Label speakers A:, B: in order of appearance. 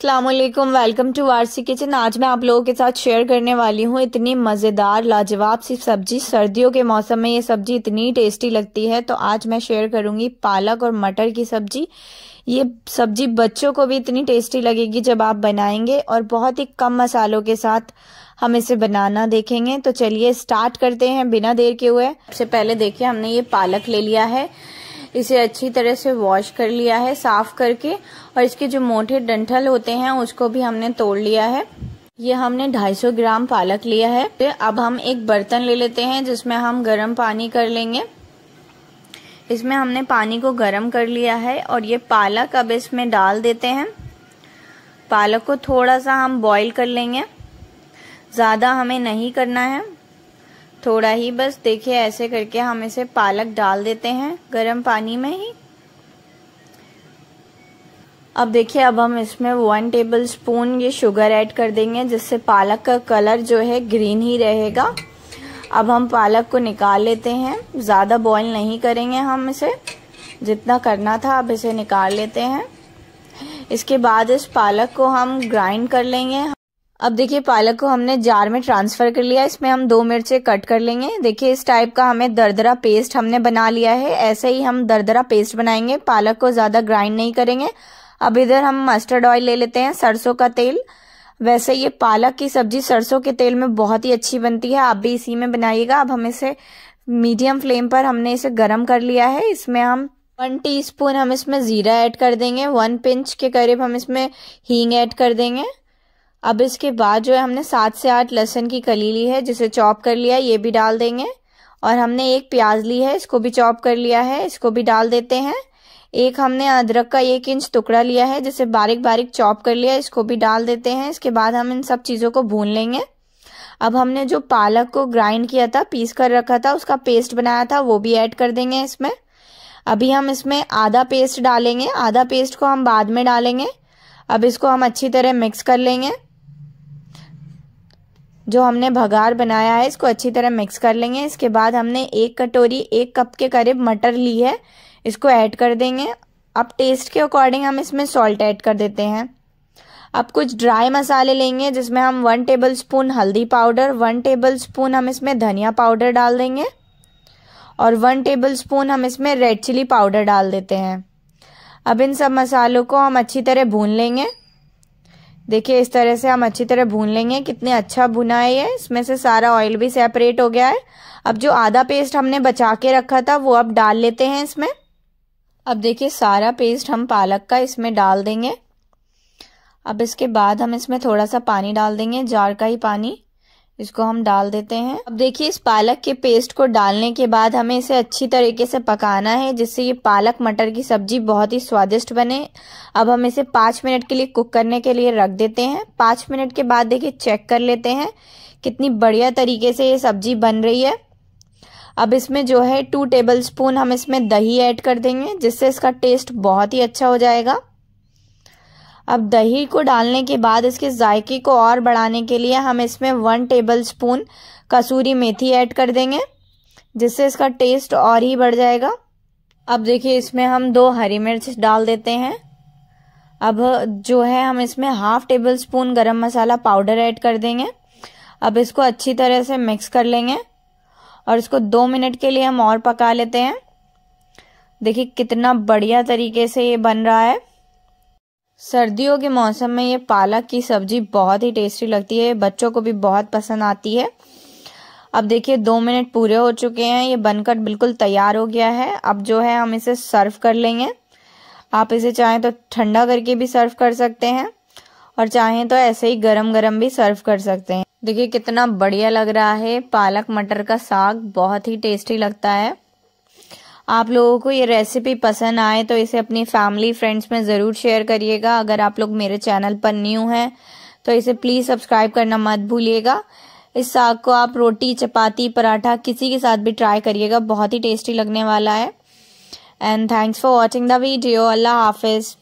A: Allam welcome to Warsi kitchen आज मैं आप लोगों के साथ शेयर करने वाली हूँ इतनी मज़ेदार लाजवाब सी सब्जी सर्दियों के मौसम में ये सब्जी इतनी टेस्टी लगती है तो आज मैं शेयर करूँगी पालक और मटर की सब्जी ये सब्जी बच्चों को भी इतनी टेस्टी लगेगी जब आप बनाएंगे और बहुत ही कम मसालों के साथ हम इसे बनाना देखेंगे तो चलिए स्टार्ट करते हैं बिना देर के हुए सबसे पहले देखिए हमने ये पालक ले लिया है इसे अच्छी तरह से वॉश कर लिया है साफ करके और इसके जो मोटे डंठल होते हैं उसको भी हमने तोड़ लिया है ये हमने 250 ग्राम पालक लिया है अब हम एक बर्तन ले लेते हैं जिसमें हम गर्म पानी कर लेंगे इसमें हमने पानी को गर्म कर लिया है और ये पालक अब इसमें डाल देते हैं पालक को थोड़ा सा हम बॉईल कर लेंगे ज़्यादा हमें नहीं करना है थोड़ा ही बस देखिए ऐसे करके हम इसे पालक डाल देते हैं गर्म पानी में ही अब देखिए अब हम इसमें वन टेबल स्पून ये शुगर ऐड कर देंगे जिससे पालक का कलर जो है ग्रीन ही रहेगा अब हम पालक को निकाल लेते हैं ज़्यादा बॉईल नहीं करेंगे हम इसे जितना करना था अब इसे निकाल लेते हैं इसके बाद इस पालक को हम ग्राइंड कर लेंगे अब देखिए पालक को हमने जार में ट्रांसफ़र कर लिया इसमें हम दो मिर्चें कट कर लेंगे देखिए इस टाइप का हमें दरदरा पेस्ट हमने बना लिया है ऐसे ही हम दरदरा पेस्ट बनाएंगे पालक को ज़्यादा ग्राइंड नहीं करेंगे अब इधर हम मस्टर्ड ऑयल ले लेते हैं सरसों का तेल वैसे ये पालक की सब्जी सरसों के तेल में बहुत ही अच्छी बनती है आप भी इसी में बनाइएगा अब हम इसे मीडियम फ्लेम पर हमने इसे गर्म कर लिया है इसमें हम वन टीस्पून हम इसमें ज़ीरा ऐड कर देंगे वन पिंच के करीब हम इसमें हींग ऐड कर देंगे अब इसके बाद जो है हमने सात से आठ लहसुन की कली ली है जिसे चॉप कर लिया ये भी डाल देंगे और हमने एक प्याज ली है इसको भी चॉप कर लिया है इसको भी डाल देते हैं एक हमने अदरक का एक इंच टुकड़ा लिया है जिसे बारीक बारीक चॉप कर लिया इसको भी डाल देते हैं इसके बाद हम इन सब चीज़ों को भून लेंगे अब हमने जो पालक को ग्राइंड किया था पीस कर रखा था उसका पेस्ट बनाया था वो भी ऐड कर देंगे इसमें अभी हम इसमें आधा पेस्ट डालेंगे आधा पेस्ट को हम बाद में डालेंगे अब इसको हम अच्छी तरह मिक्स कर लेंगे जो हमने भगार बनाया है इसको अच्छी तरह मिक्स कर लेंगे इसके बाद हमने एक कटोरी एक कप के करीब मटर ली है इसको ऐड कर देंगे अब टेस्ट के अकॉर्डिंग हम इसमें सॉल्ट ऐड कर देते हैं अब कुछ ड्राई मसाले लेंगे जिसमें हम वन टेबल स्पून हल्दी पाउडर वन टेबल स्पून हम इसमें धनिया पाउडर डाल देंगे और वन टेबल स्पून हम इसमें रेड चिली पाउडर डाल देते हैं अब इन सब मसालों को हम अच्छी तरह भून लेंगे देखिए इस तरह से हम अच्छी तरह भून लेंगे कितने अच्छा भुना है ये इसमें से सारा ऑयल भी सेपरेट हो गया है अब जो आधा पेस्ट हमने बचा के रखा था वो अब डाल लेते हैं इसमें अब देखिए सारा पेस्ट हम पालक का इसमें डाल देंगे अब इसके बाद हम इसमें थोड़ा सा पानी डाल देंगे जार का ही पानी इसको हम डाल देते हैं अब देखिए इस पालक के पेस्ट को डालने के बाद हमें इसे अच्छी तरीके से पकाना है जिससे ये पालक मटर की सब्जी बहुत ही स्वादिष्ट बने अब हम इसे पाँच मिनट के लिए कुक करने के लिए रख देते हैं पाँच मिनट के बाद देखिए चेक कर लेते हैं कितनी बढ़िया तरीके से ये सब्जी बन रही है अब इसमें जो है टू टेबल स्पून हम इसमें दही ऐड कर देंगे जिससे इसका टेस्ट बहुत ही अच्छा हो जाएगा अब दही को डालने के बाद इसके जायके को और बढ़ाने के लिए हम इसमें वन टेबल स्पून कसूरी मेथी ऐड कर देंगे जिससे इसका टेस्ट और ही बढ़ जाएगा अब देखिए इसमें हम दो हरी मिर्च डाल देते हैं अब जो है हम इसमें हाफ टेबल स्पून गर्म मसाला पाउडर ऐड कर देंगे अब इसको अच्छी तरह से मिक्स कर लेंगे और इसको दो मिनट के लिए हम और पका लेते हैं देखिए कितना बढ़िया तरीके से ये बन रहा है सर्दियों के मौसम में ये पालक की सब्ज़ी बहुत ही टेस्टी लगती है बच्चों को भी बहुत पसंद आती है अब देखिए दो मिनट पूरे हो चुके हैं ये बनकर बिल्कुल तैयार हो गया है अब जो है हम इसे सर्व कर लेंगे आप इसे चाहें तो ठंडा करके भी सर्व कर सकते हैं और चाहें तो ऐसे ही गरम गरम भी सर्व कर सकते हैं देखिए कितना बढ़िया लग रहा है पालक मटर का साग बहुत ही टेस्टी लगता है आप लोगों को ये रेसिपी पसंद आए तो इसे अपनी फैमिली फ्रेंड्स में ज़रूर शेयर करिएगा अगर आप लोग मेरे चैनल पर न्यू हैं तो इसे प्लीज़ सब्सक्राइब करना मत भूलिएगा इस साग को आप रोटी चपाती पराठा किसी के साथ भी ट्राई करिएगा बहुत ही टेस्टी लगने वाला है and thanks for watching the video अल्लाह हाफिज़